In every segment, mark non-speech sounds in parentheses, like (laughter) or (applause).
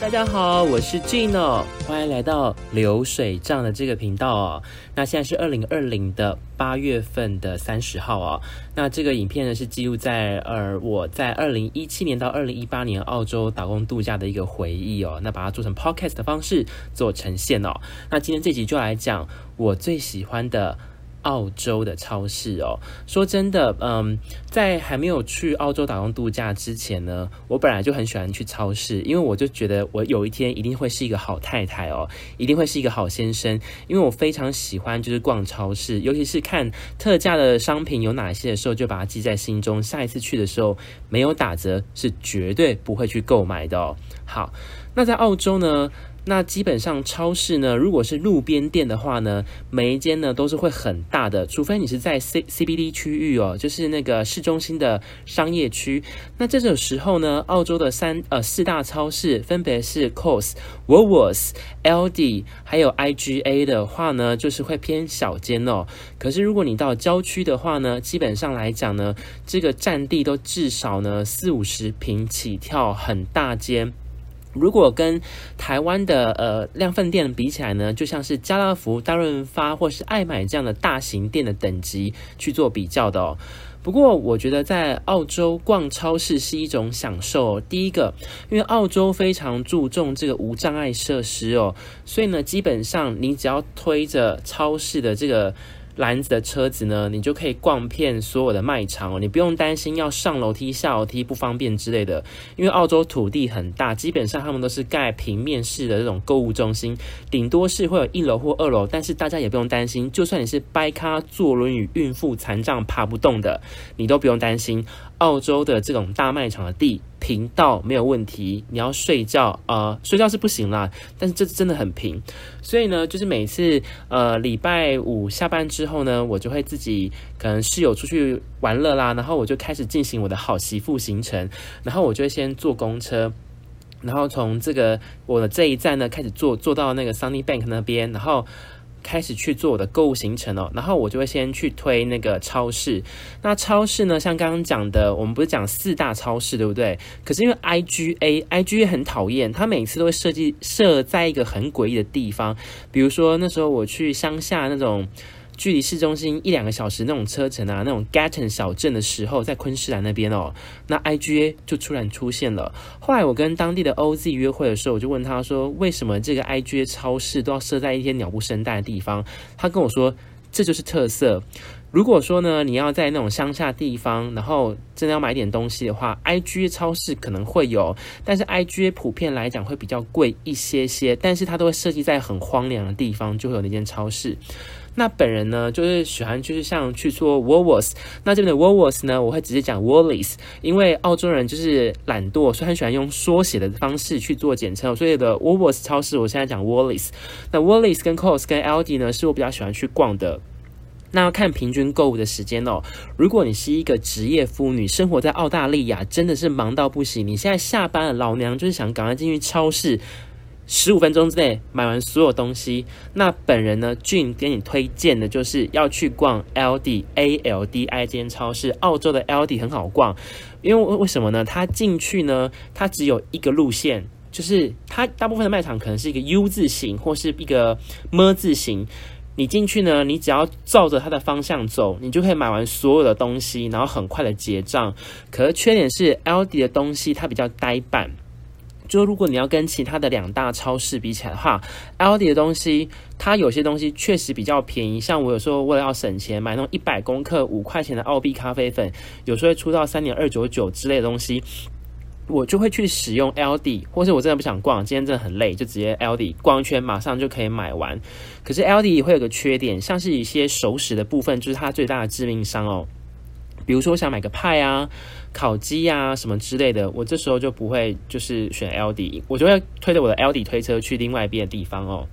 大家好，我是 Gino，歡迎來到流水賬的這個頻道哦。那現在是二零二零的八月份的三十號哦。那這個影片呢是記錄在呃我在二零一七年到二零一八年澳洲打工度假的一個回憶哦。那把它做成 podcast 的方式做呈現哦。那今天這集就來講我最喜歡的。澳洲的超市哦，說真的，嗯，在還沒有去澳洲打工度假之前呢，我本來就很喜歡去超市，因為我就覺得我有一天一定會是一個好太太哦，一定會是一個好先生，因為我非常喜歡就是逛超市，尤其是看特價的商品有哪些的時候，就把它記在心中，下一次去的時候沒有打折是絕對不會去購買的哦。好，那在澳洲呢？那基本上超市呢，如果是路邊店的話呢，每一間呢都是會很大的，除非你是在 C CBD 區域哦，就是那個市中心的商業區。那這種時候呢，澳洲的三呃四大超市分別是 Coles、Woolworths ALDI 還有 IGA 的話呢，就是會偏小間哦。可是如果你到郊區的話呢，基本上來講呢，這個佔地都至少呢四五十平起跳，很大間。如果跟台灣的呃量販店比起來呢，就像是家樂福、大潤發或是愛買這樣的大型店的等級去做比較的哦。不過我覺得在澳洲逛超市是一種享受哦，第一個，因為澳洲非常注重這個無障礙設施哦，所以呢，基本上你只要推着超市的這個。籃子的車子呢，你就可以逛遍所有的賣場哦，你不用擔心要上樓梯、下樓梯不方便之類的。因為澳洲土地很大，基本上他們都是蓋平面式的這種購物中心，頂多是會有一樓或二樓，但是大家也不用擔心，就算你是掰咖、坐輪椅、孕婦、殘障爬不動的，你都不用擔心澳洲的這種大賣場的地。平到沒有問題，你要睡覺啊、呃？睡覺是不行啦，但是這真的很平。所以呢，就是每次呃禮拜五下班之後呢，我就會自己可能室友出去玩樂啦，然後我就開始進行我的好媳婦行程，然後我就會先坐公車，然後從這個我的這一站呢開始坐，坐到那個 Sunny Bank 那邊，然後。開始去做我的購物行程哦，然後我就會先去推那個超市。那超市呢，像剛剛講的，我們不是講四大超市對不對？可是因為 IGA、IGA 很討厭，它每次都會設計設在一個很詭異的地方，比如說那時候我去鄉下那種。距離市中心一兩個小時那種車程啊，那種 Gatton 小鎮的時候，在昆士蘭那邊哦，那 IGA 就突然出現了。後來我跟當地的 OZ 約會的時候，我就問他說：“為什麼這個 IGA 超市都要設在一些鳥不生蛋的地方？”他跟我說：“這就是特色。如果說呢，你要在那種鄉下地方，然後真的要買點東西的話，IGA 超市可能會有，但是 IGA 普遍來講會比較貴一些些，但是它都會設計在很荒涼的地方，就會有那間超市。”那本人呢，就是喜歡就是像去做 Woolworths，那這邊的 Woolworths 呢，我會直接講 Woolies，因為澳洲人就是懶惰，所以很喜歡用縮寫的方式去做簡稱，哦，所以的 Woolworths 超市我現在講 Woolies。那 Woolies 跟 Coles 跟 Aldi 呢，是我比較喜歡去逛的。那要看平均購物的時間哦。如果你是一個職業婦女，生活在澳大利亞，真的是忙到不行，你現在下班了，老娘就是想趕快進去超市。十五分鐘之內買完所有東西，那本人呢，俊給你推薦的就是要去逛 ALDI ALDI 間超市。澳洲的 ALDI 很好逛，因為為什麼呢？它進去呢，它只有一個路線，就是它大部分的賣場可能是一個 U 字形或是一個 M 字形。你進去呢，你只要照着它的方向走，你就可以買完所有的東西，然後很快的結賬。可是缺點是 ALDI 的東西它比較呆板。就如果你要跟其他的兩大超市比起來的話，ALDI 的東西，它有些東西確實比較便宜。像我有時候為了要省錢，買那種一百公克五塊錢的澳幣咖啡粉，有時候會出到三點二九九之類的東西，我就會去使用 ALDI，或是我真的不想逛，今天真的很累，就直接 ALDI 逛一圈，馬上就可以買完。可是 ALDI 也會有個缺點，像是一些熟食的部分，就是它最大的致命傷哦。比如說，我想買個派啊、烤雞啊什麼之類的，我這時候就不會就是選 ALDI，我就會推着我的 ALDI 推車去另外一邊的地方哦。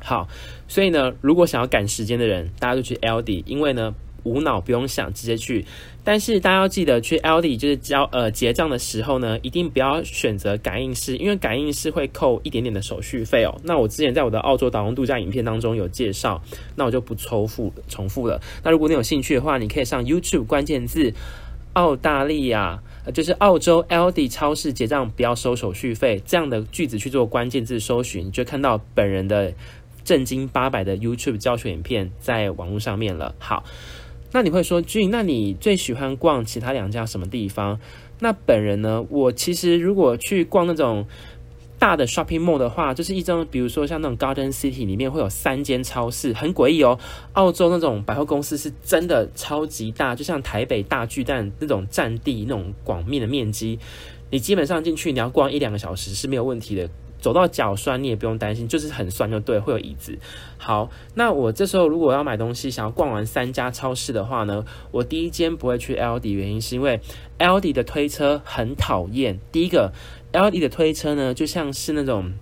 好，所以呢，如果想要趕時間的人，大家就去 ALDI，因為呢。無腦不用想，直接去。但是大家要記得去 ALDI 就是交呃結賬的時候呢，一定不要選擇感應式，因為感應式會扣一點點的手續費哦。那我之前在我的澳洲打工度假影片當中有介紹，那我就不重複重複了。那如果你有興趣的話，你可以上 YouTube 關鍵字澳大利亞，呃，就是澳洲 ALDI 超市結賬不要收手續費這樣的句子去做關鍵字搜尋，你就看到本人的正經八百的 YouTube 教學影片在網絡上面了。好。那你會說，Gene，那你最喜歡逛其他兩家什麼地方？那本人呢？我其實如果去逛那種大的 shopping mall 的話，就是一張，比如說像那種 Garden City 裡面會有三間超市，很詭異哦。澳洲那種百貨公司是真的超級大，就像台北大巨蛋那種占地那種廣面的面積，你基本上進去你要逛一兩個小時是沒有問題的。走到腳痠，你也不用擔心，就是很酸就對。會有椅子。好，那我這時候如果要買東西，想要逛完三家超市的話呢，我第一間不會去 ALDI，原因是因為 ALDI 的推車很討厭。第一個，ALDI 的推車呢，就像是那種。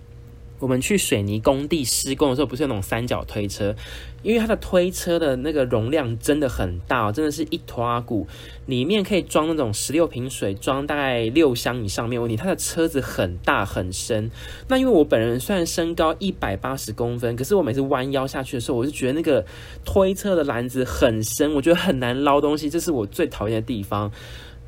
我們去水泥工地施工的時候，不是有那種三角推車？因為它的推車的那個容量真的很大，真的是一坨阿骨裡面可以裝那種十六瓶水，裝大概六箱以上沒有問題。它的車子很大很深。那因為我本人雖然身高一百八十公分，可是我每次彎腰下去的時候，我就覺得那個推車的籃子很深，我覺得很難撈東西，這是我最討厭的地方。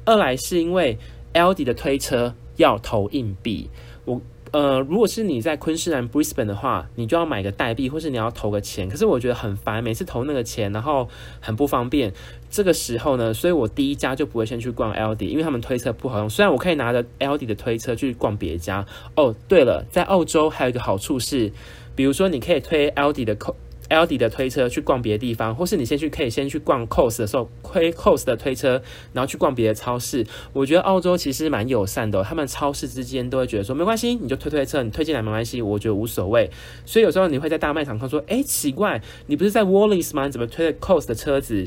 二來是因為 ALDI 的推車要投硬幣，我。呃，如果是你在昆士蘭 Brisbane 的話，你就要買個代幣，或是你要投個錢。可是我覺得很煩，每次投那個錢，然後很不方便。這個時候呢，所以我第一家就不會先去逛 l d、e, 因為他們推車不好用。雖然我可以拿着 l d、e、的推車去逛別家。哦，對了，在澳洲還有一個好處是，比如說你可以推 l d、e、的口。l d 的推車去逛別的地方，或是你先去可以先去逛 Coles 的時候，推 Coles 的推車，然後去逛別的超市。我覺得澳洲其實蠻友善的，哦，他們超市之間都會覺得說沒關係，你就推推車，你推進來沒關係，我覺得無所謂。所以有時候你會在大賣場看說，誒、欸，奇怪，你不是在 Woolies 嗎？你怎麼推了 Coles 的車子？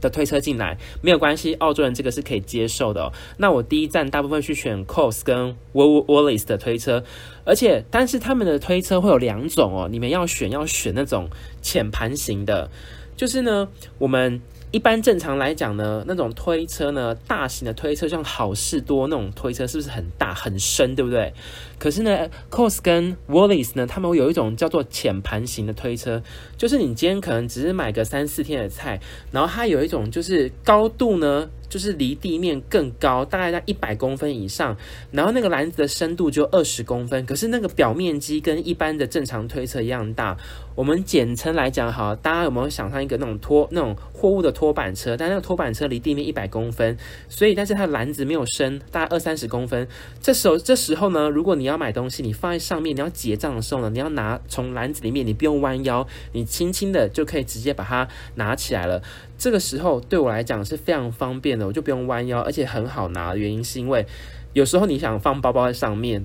的推車進來沒有關係，澳洲人這個是可以接受的哦。那我第一站大部分去選 Coles 跟 Woolies 的推車，而且但是他們的推車會有兩種哦，你們要選要選那種淺盤型的。就是呢，我們一般正常來講呢，那種推車呢，大型的推車像好市多那種推車，是不是很大很深，對不對？可是呢，Coles 跟 Woolies 呢，他們會有一種叫做淺盤型的推車，就是你今天可能只是買個三四天的菜，然後它有一種就是高度呢，就是離地面更高，大概在一百公分以上，然後那個籃子的深度就二十公分，可是那個表面積跟一般的正常推車一樣大。我們簡稱來講哈，大家有沒有想象一個那種拖那種貨物的拖板車，但那個拖板車離地面一百公分，所以但是它的籃子沒有深，大概二三十公分。這時候這時候呢，如果你要你要買東西，你放在上面，你要結賬的時候呢，你要拿從籃子裡面，你不用彎腰，你輕輕的就可以直接把它拿起來了。這個時候對我來講是非常方便的，我就不用彎腰，而且很好拿的原因是因為有時候你想放包包在上面，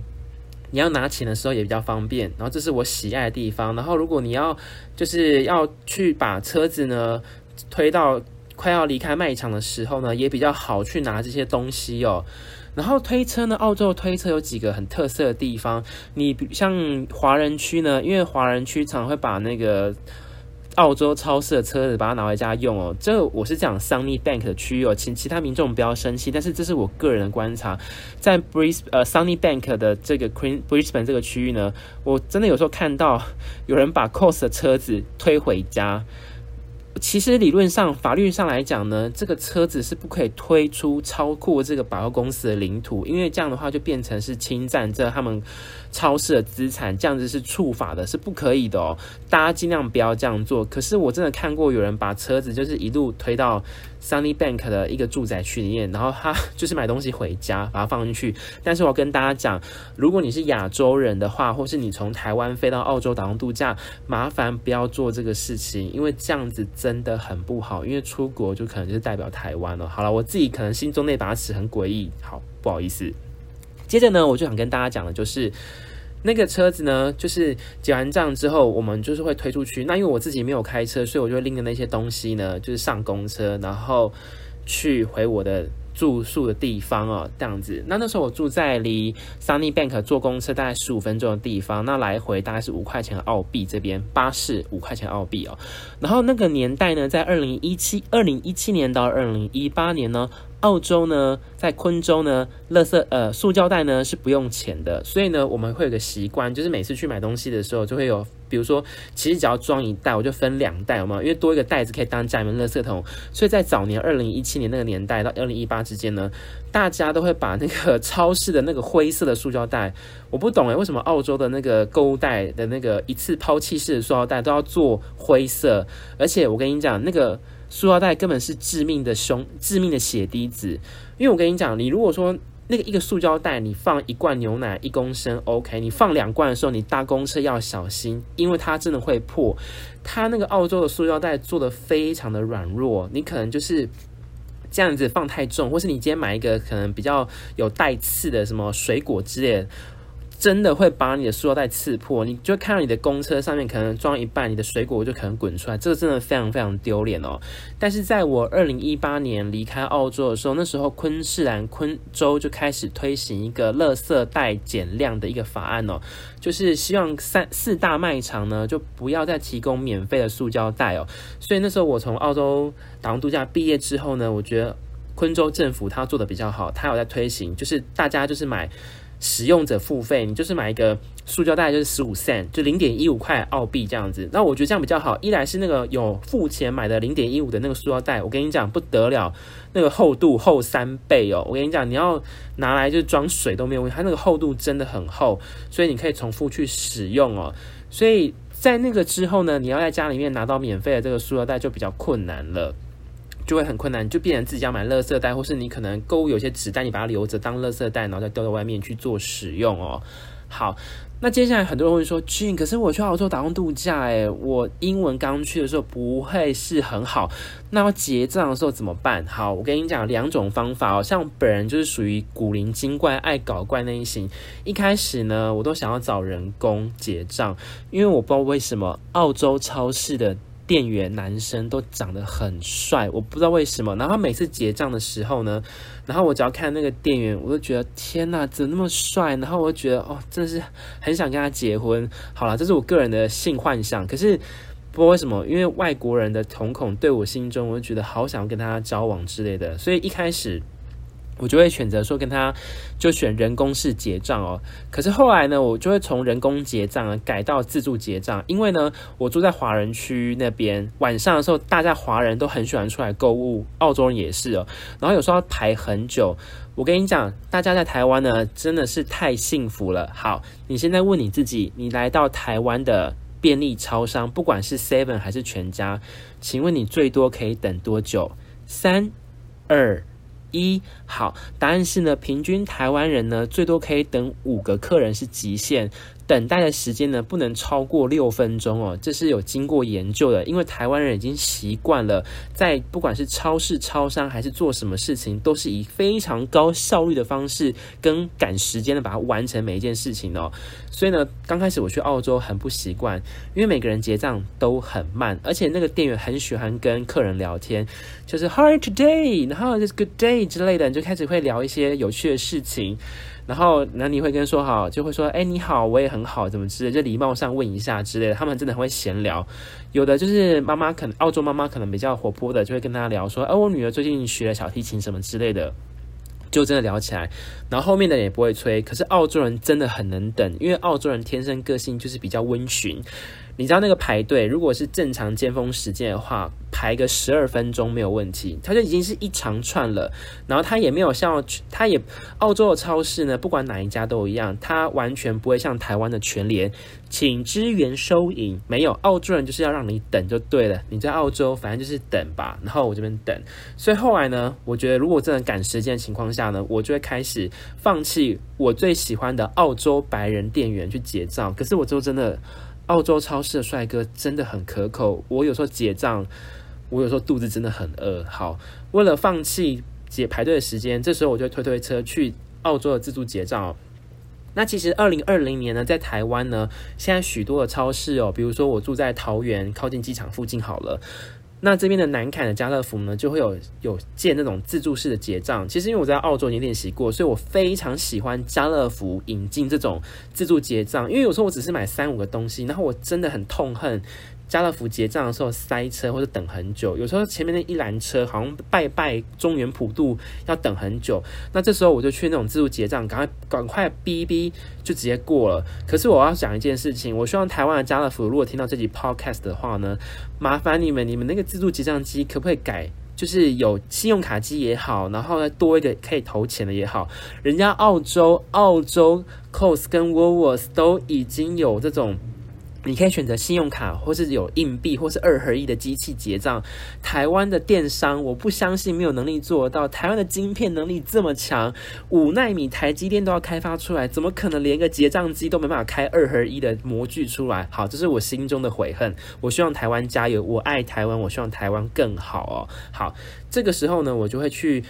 你要拿錢的時候也比較方便。然後這是我喜愛的地方。然後如果你要就是要去把車子呢推到快要離開賣場的時候呢，也比較好去拿這些東西哦。然後推車呢，澳洲推車有幾個很特色的地方。你比像華人區呢，因為華人區常會把那個澳洲超市的車子把它拿回家用哦。這個、我是講 Sunny Bank 的區域，哦，請其他民眾不要生氣。但是這是我個人的觀察，在 Bris 呃 Sunny Bank 的這個 Queen Brisbane 這個區域呢，我真的有時候看到有人把 Cost 的車子推回家。其實理論上、法律上來講呢，這個車子是不可以推出超過這個百貨公司的領土，因為這樣的話就變成是侵占着他們超市的資產，這樣子是觸法的，是不可以的哦。大家盡量不要這樣做。可是我真的看過有人把車子就是一路推到 Sunnybank 的一個住宅區裡面，然後他就是買東西回家，把它放進去。但是我要跟大家講，如果你是亞洲人的話，或是你從台灣飛到澳洲打工度假，麻煩不要做這個事情，因為這樣子。真的很不好，因為出國就可能就是代表台灣了喔。好了，我自己可能心中那把尺很詭異，好不好意思。接着呢，我就想跟大家講的，就是那個車子呢，就是結完賬之後，我們就是會推出去。那因為我自己沒有開車，所以我就會拎著那些東西呢，就是上公車，然後去回我的。住宿的地方哦，這樣子。那那時候我住在離 Sunnybank 坐公車大概十五分鐘的地方，那來回大概是五塊錢澳幣。這邊巴士五塊錢澳幣哦。然後那個年代呢，在二零一七二零一七年到二零一八年呢，澳洲呢在昆州呢，垃圾呃塑膠袋，呢是不用錢的，所以呢，我們會有個習慣，就是每次去買東西的時候就會有。比如說，其實只要裝一袋，我就分兩袋有沒有？因為多一個袋子可以當家裡面垃圾桶，所以在早年二零一七年那個年代到二零一八之間呢，大家都會把那個超市的那個灰色的塑料袋，我不懂誒，為什麼澳洲的那個購物袋的那個一次拋棄式的塑料袋都要做灰色？而且我跟你講，那個塑料袋根本是致命的兇致命的血滴子，因為我跟你講，你如果說。那個一個塑膠袋，你放一罐牛奶一公升，OK。你放兩罐的時候，你搭公車要小心，因為它真的會破。它那個澳洲的塑膠袋做得非常的軟弱，你可能就是這樣子放太重，或是你今天買一個可能比較有帶刺的什麼水果之類的。真的會把你的塑料袋刺破，你就看到你的公車上面可能裝一半，你的水果就可能滾出來，這個真的非常非常丟臉哦。但是在我二零一八年離開澳洲的時候，那時候昆士蘭昆州就開始推行一個垃圾袋減量的一個法案哦，就是希望三四大賣場呢就不要再提供免費的塑膠袋哦。所以那時候我從澳洲打工度假畢業之後呢，我覺得昆州政府他做得比較好，他有在推行，就是大家就是買。使用者付費，你就是買一個塑膠袋，就是十五 cent，就零點一五塊澳幣這樣子。那我覺得這樣比較好，一來是那個有付錢買的零點一五的那個塑料袋，我跟你講不得了，那個厚度厚三倍哦。我跟你講，你要拿來就是裝水都沒有問題，它那個厚度真的很厚，所以你可以重複去使用哦。所以在那個之後呢，你要在家裡面拿到免費的這個塑料袋就比較困難了。就會很困難，就必然自己要買垃圾袋，或是你可能購物有些紙袋，你把它留着當垃圾袋，然後再丟到外面去做使用哦。好，那接下來很多人會說，Gene，可是我去澳洲打工度假、欸，哎，我英文剛去的時候不會是很好，那要結賬的時候怎麼辦？好，我跟你講兩種方法哦。像本人就是屬於古靈精怪、愛搞怪那一型，一開始呢，我都想要找人工結賬，因為我不知道為什麼澳洲超市的。店員男生都長得很帥，我不知道為什麼。然後他每次結賬的時候呢，然後我只要看那個店員，我就覺得天吶，啊，怎麼那麼帥？然後我就覺得哦，真是很想跟他結婚。好啦，這是我個人的性幻想。可是不知道為什麼，因為外國人的瞳孔對我心中，我就覺得好想要跟他交往之類的。所以一開始。我就會選擇說跟他就選人工式結賬哦。可是後來呢，我就會從人工結賬改到自助結賬，因為呢，我住在華人區那邊，晚上的時候大家華人都很喜歡出來購物，澳洲人也是哦。然後有時候要排很久。我跟你講，大家在台灣呢，真的是太幸福了。好，你現在問你自己，你來到台灣的便利超商，不管是 Seven 還是全家，請問你最多可以等多久？三二。一好，答案是呢，平均台灣人呢，最多可以等五個客人，是極限。等待的時間呢，不能超過六分鐘哦，這是有經過研究的，因為台灣人已經習慣了在不管是超市、超商還是做什麼事情，都是以非常高效率的方式跟趕時間的把它完成每一件事情哦。所以呢，剛開始我去澳洲很不習慣，因為每個人結賬都很慢，而且那個店員很喜歡跟客人聊天，就是 Hi today？This good day？之類的，你就開始會聊一些有趣的事情。然後那你會跟人說好，就會說哎你好，我也很好，怎麼之類的，就禮貌上問一下之類的。他們真的很會閒聊，有的就是媽媽，可能澳洲媽媽可能比較活潑的，就會跟她聊說，哎、啊、我女兒最近學了小提琴什麼之類的，就真的聊起來。然後後面的也不會催，可是澳洲人真的很能等，因為澳洲人天生個性就是比較溫馴。你知道那個排隊，如果是正常尖峰時間的話，排個十二分鐘沒有問題，它就已經是一長串了。然後它也沒有像，它也澳洲的超市呢，不管哪一家都一樣，它完全不會像台灣的全聯，請支援收銀沒有，澳洲人就是要讓你等就對了，你在澳洲反正就是等吧，然後我這邊等。所以後來呢，我覺得如果真的趕時間的情況下呢，我就會開始放棄我最喜歡的澳洲白人店員去結賬。可是我之後真的。澳洲超市的帥哥真的很可口，我有時候結賬，我有時候肚子真的很餓。好，為了放棄解排隊的時間，這時候我就推推車去澳洲的自助結賬。那其實二零二零年呢，在台灣呢，現在許多的超市哦，比如說我住在桃園，靠近機場附近好了。那這邊的南坎的家樂福呢，就會有有建那種自助式的結賬。其實因為我在澳洲已經練習過，所以我非常喜歡家樂福引進這種自助結賬，因為有時候我只是買三五個東西，然後我真的很痛恨。家樂福結賬的時候塞車或者等很久，有時候前面那一欄車好像拜拜中元普渡要等很久，那這時候我就去那種自助結賬，趕快趕快嗶嗶就直接過了。可是我要講一件事情，我希望台灣的家樂福如果聽到這集 Podcast 的話呢，麻煩你們你們那個自助結賬機可不可以改，就是有信用卡機也好，然後再多一個可以投錢的也好，人家澳洲澳洲 Coles 跟 Woolworths 都已經有這種。你可以選擇信用卡，或是有硬幣，或是二合一的機器結賬。台灣的電商，我不相信沒有能力做到。台灣的晶片能力這麼強，五奈米台積電都要開發出來，怎麼可能連個結賬機都沒辦法開二合一的模具出來？好，這是我心中的悔恨。我希望台灣加油，我愛台灣，我希望台灣更好哦。好，這個時候呢，我就會去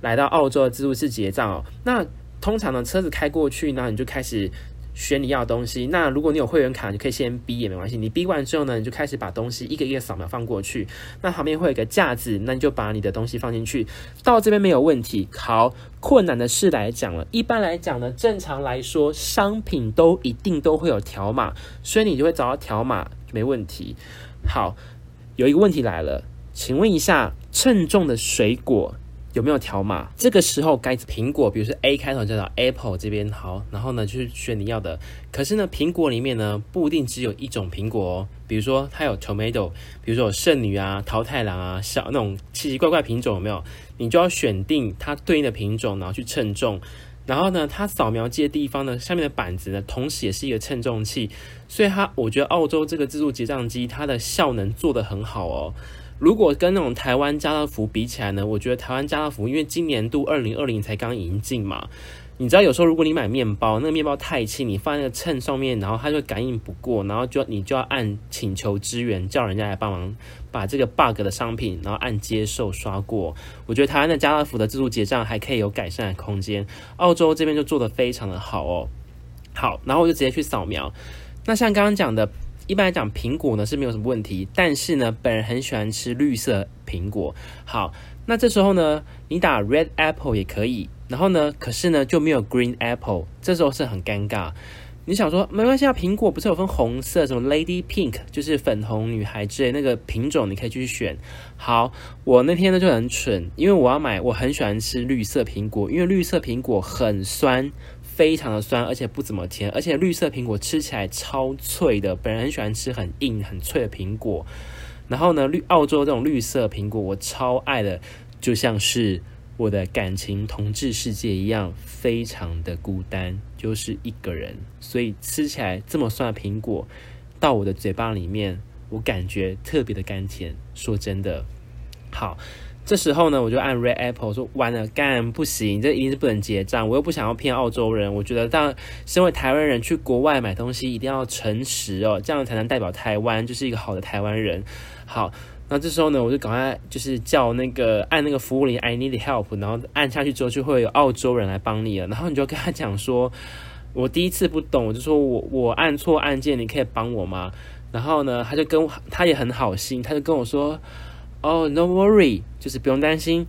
來到澳洲的自助式結賬哦。那通常呢，車子開過去，然後你就開始。選你要的東西，那如果你有會員卡，你可以先嗶也沒關係。你嗶完之後呢，你就開始把東西一個一個掃描放過去。那旁邊會有個架子，那你就把你的東西放進去。到這邊沒有問題。好，困難的事來講了，一般來講呢，正常來說商品都一定都會有條碼，所以你就會找到條碼，沒問題。好，有一個問題來了，請問一下，稱重的水果。有沒有條碼？這個時候該蘋果，比如說 A 開頭叫做 Apple 這邊。好，然後呢，就是選你要的。可是呢，蘋果裡面呢不一定只有一種蘋果哦。比如說它有 Tomato，比如說有聖女啊、桃太郎啊、小那種奇奇怪怪品種有沒有？你就要選定它對應的品種，然後去稱重。然後呢，它掃描機的地方呢，下面的板子呢，同時也是一個稱重器，所以它我覺得澳洲這個自助結賬機它的效能做得很好哦。如果跟那種台灣家樂福比起來呢，我覺得台灣家樂福因為今年度二零二零才剛引進嘛，你知道有時候如果你買麵包，那個麵包太輕，你放在那個秤上面，然後它就感應不過，然後就你就要按請求支援，叫人家來幫忙把這個 bug 的商品，然後按接受刷過。我覺得台灣的家樂福的自助結賬還可以有改善的空間，澳洲這邊就做得非常的好哦。好，然後我就直接去掃描。那像剛剛講的。一般來講，蘋果呢是沒有什麼問題，但是呢，本人很喜歡吃綠色蘋果。好，那這時候呢，你打 red apple 也可以，然後呢，可是呢就沒有 green apple，這時候是很尷尬。你想說沒關係啊，蘋果不是有分紅色，什麼 lady pink，就是粉紅女孩之類的那個品種，你可以去選。好，我那天呢就很蠢，因為我要買，我很喜歡吃綠色蘋果，因為綠色蘋果很酸。非常的酸，而且不怎麼甜，而且綠色蘋果吃起來超脆的。本人很喜歡吃很硬、很脆的蘋果。然後呢，綠澳洲這種綠色蘋果，我超愛的，就像是我的感情同質世界一樣，非常的孤單，就是一個人。所以吃起來這麼酸的蘋果，到我的嘴巴裡面，我感覺特別的甘甜。說真的，好。這時候呢，我就按 Red Apple 說完了，幹，不行，這一定是不能結賬。我又不想要騙澳洲人，我覺得當身為台灣人去國外買東西一定要誠實哦，這樣才能代表台灣就是一個好的台灣人。好，那這時候呢，我就趕快就是叫那個按那個服務鈴 I need help，然後按下去之後就會有澳洲人來幫你了。然後你就跟他講說，我第一次不懂，我就說我我按錯按鍵，你可以幫我嗎？然後呢，他就跟我他也很好心，他就跟我說。Oh, no worry，就是不用擔心。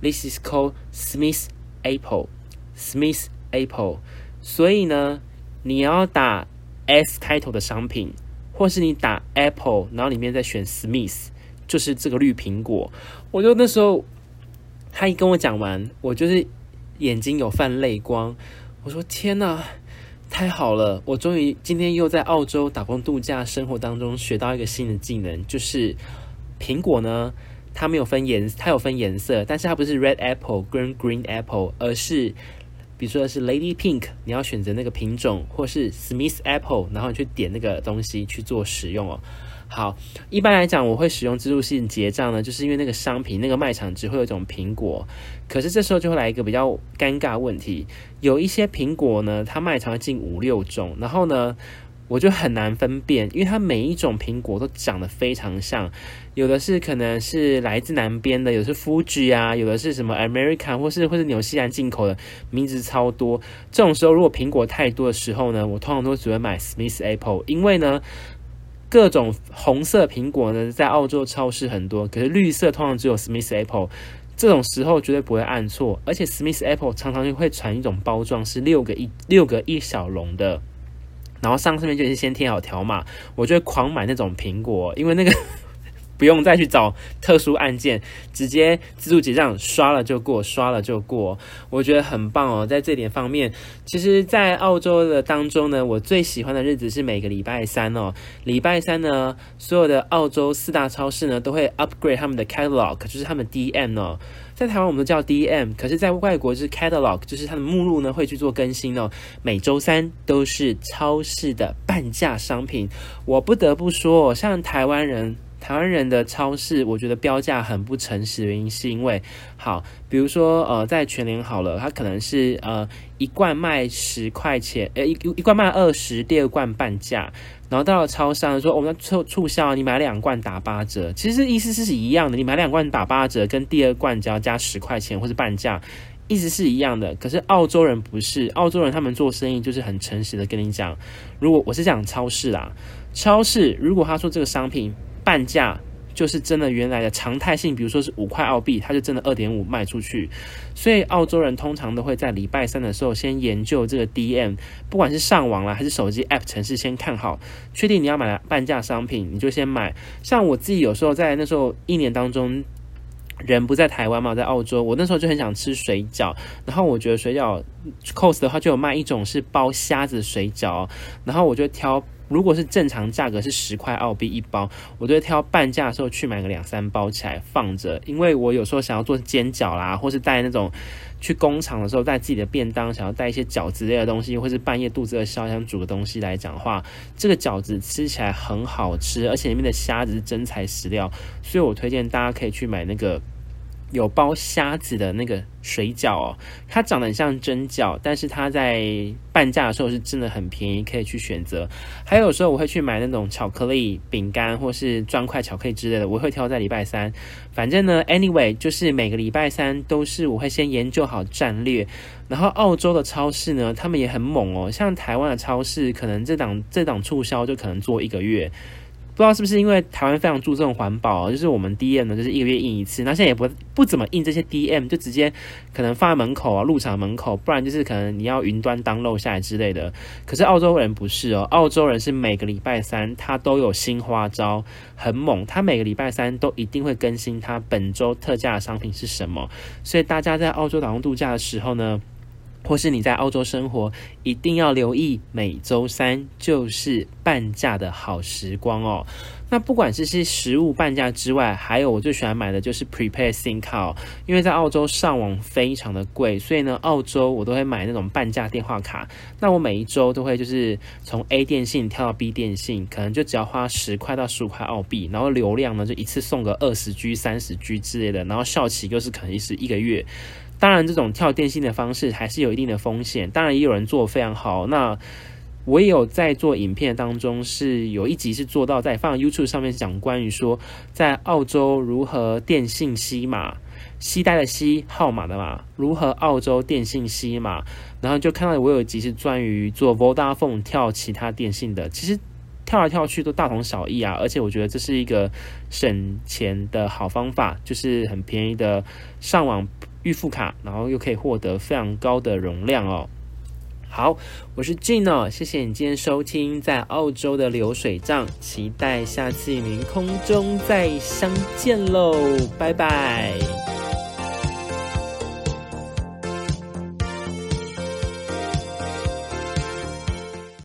This is called Smith Apple, Smith Apple。所以呢，你要打 S 開頭的商品，或是你打 Apple，然後裡面再選 Smith，就是這個綠蘋果。我就那時候，他一跟我講完，我就是眼睛有泛淚光。我說：天吶，太好了！我終於今天又在澳洲打工度假生活當中學到一個新的技能，就是。蘋果呢，它沒有分顏，它有分顏色，但是它不是 red apple、green green apple，而是比如說是 lady pink，你要選擇那個品種，或是 smith apple，然後你去點那個東西去做使用哦。好，一般來講，我會使用自助性結賬呢，就是因為那個商品那個賣場只會有一種蘋果，可是這時候就會來一個比較尷尬問題，有一些蘋果呢，它賣場進五六種，然後呢。我就很難分辨，因為它每一種蘋果都長得非常像，有的是可能是來自南邊的，有的是 Fuji 啊，有的是什麼 American 或是或是紐西蘭進口的，名字超多。這種時候如果蘋果太多的時候呢，我通常都只會買 Smith Apple，因為呢，各種紅色蘋果呢在澳洲超市很多，可是綠色通常只有 Smith Apple。這種時候絕對不會按錯，而且 Smith Apple 常常就會傳一種包裝是六個一六個一小籠的。然後上次面就是先貼好條碼，我就會狂買那種蘋果，因為那個。 (laughs) 不用再去找特殊按鍵，直接自助結賬，刷了就過，刷了就過，我覺得很棒哦。在這一點方面，其實，在澳洲的當中呢，我最喜歡的日子是每個禮拜三哦。禮拜三呢，所有的澳洲四大超市呢都會 upgrade 他們的 catalog，就是他們 DM 哦，在台灣我們都叫 DM，可是，在外國就是 catalog，就是它的目錄呢會去做更新哦。每周三都是超市的半價商品，我不得不說，像台灣人。台灣人的超市，我覺得標價很不誠實的原因是因為，好，比如說，呃，在全聯好了，他可能是呃一罐賣十塊錢，呃，一罐、欸、一,一罐賣二十，第二罐半價，然後到了超商、就是、說我們、哦、促促銷，你買兩罐打八折，其實意思是一樣的，你買兩罐打八折，跟第二罐只要加十塊錢或者半價，意思是一樣的。可是澳洲人不是，澳洲人他們做生意就是很誠實的跟你講，如果我是講超市啦，超市如果他說這個商品，半價就是真的原來的常態性，比如說是五塊澳幣，它就真的二點五賣出去。所以澳洲人通常都會在禮拜三的時候先研究這個 DM，不管是上網啦還是手機 App 程式，先看好，確定你要買的半價商品，你就先買。像我自己有時候在那時候一年當中人不在台灣嘛，在澳洲，我那時候就很想吃水餃，然後我覺得水餃 cost 的話就有賣一種是包蝦子水餃，然後我就挑。如果是正常價格是十塊澳幣一包，我就會挑半價的時候去買個兩三包起來放着，因為我有時候想要做煎餃啦，或是帶那種去工廠的時候帶自己的便當，想要帶一些餃子類的東西，或是半夜肚子餓想煮個東西來講的話，這個餃子吃起來很好吃，而且裡面的蝦子是真材實料，所以我推薦大家可以去買那個。有包蝦子的那個水餃，哦，它長得很像蒸餃，但是它在半價的時候是真的很便宜，可以去選擇。還有時候我會去買那種巧克力餅乾或是磚塊巧克力之類的，我會挑在禮拜三。反正呢，anyway，就是每個禮拜三都是我會先研究好戰略。然後澳洲的超市呢，他們也很猛哦，像台灣的超市，可能這檔這檔促銷就可能做一個月。不知道是不是因為台灣非常注重環保啊，就是我們 DM 呢，就是一個月印一次。那現在也不不怎麼印這些 DM，就直接可能放在門口啊，入場門口，不然就是可能你要雲端 download 下來之類的。可是澳洲人不是哦，澳洲人是每個禮拜三他都有新花招，很猛。他每個禮拜三都一定會更新他本周特價的商品是什麼。所以大家在澳洲打工度假的時候呢，或是你在澳洲生活，一定要留意每周三就是半價的好時光哦。那不管是些食物半價之外，還有我最喜歡買的就是 Prepare SIM 卡哦，因為在澳洲上網非常的貴，所以呢，澳洲我都會買那種半價電話卡。那我每一周都會就是從 A 電信跳到 B 電信，可能就只要花十塊到十五塊澳幣，然後流量呢就一次送個二十 G、三十 G 之類的，然後效期又是可能是一個月。當然，這種跳電信的方式還是有一定的風險。當然，也有人做得非常好。那我也有在做影片當中，是有一集是做到在放到 YouTube 上面講關於說，在澳洲如何電信攜碼，攜帶的攜號碼的碼？如何澳洲電信攜碼？然後就看到我有一集是專於做 Vodafone 跳其他電信的。其實跳來跳去都大同小異啊。而且我覺得這是一個省錢的好方法，就是很便宜的上網。預付卡，然後又可以獲得非常高的容量哦。好，我是 Gino，謝謝你今天收聽在澳洲的流水賬，期待下次與您空中再相見嘍，拜拜。